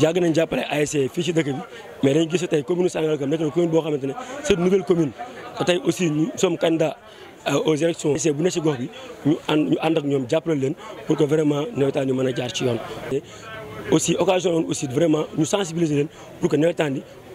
yàgg nañ jàppale ASC fi ci dëkk bi mais dañu gis tay commune sangal nekk na commune bo xamante cette nouvelle commune tay aussi ñu sommes candidats euh, aux élections c'est bu ne ci gox bi ñu and ñu ànd ak ñoom leen pour que vraiment nawetaan ñu mëna jaar ci yoon aussi occasion woon aussi vraiment nous sensibiliser leen pour que nawetaan ni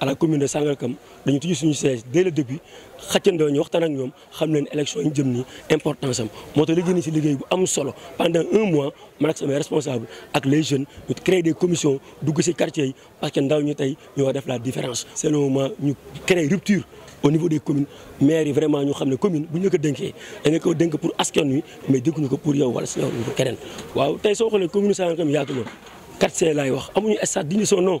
à la commune de Sangalkam dès le début Nous avons une élection importante. pendant un mois je suis responsable avec les jeunes de créer des commissions pour ces quartiers parce que ndaw ñu puissent la différence c'est le moment créer rupture au niveau des communes mais vraiment nous commune Nous ñu pour askan mais nous pour yow wala ñu est waaw est quartier son nom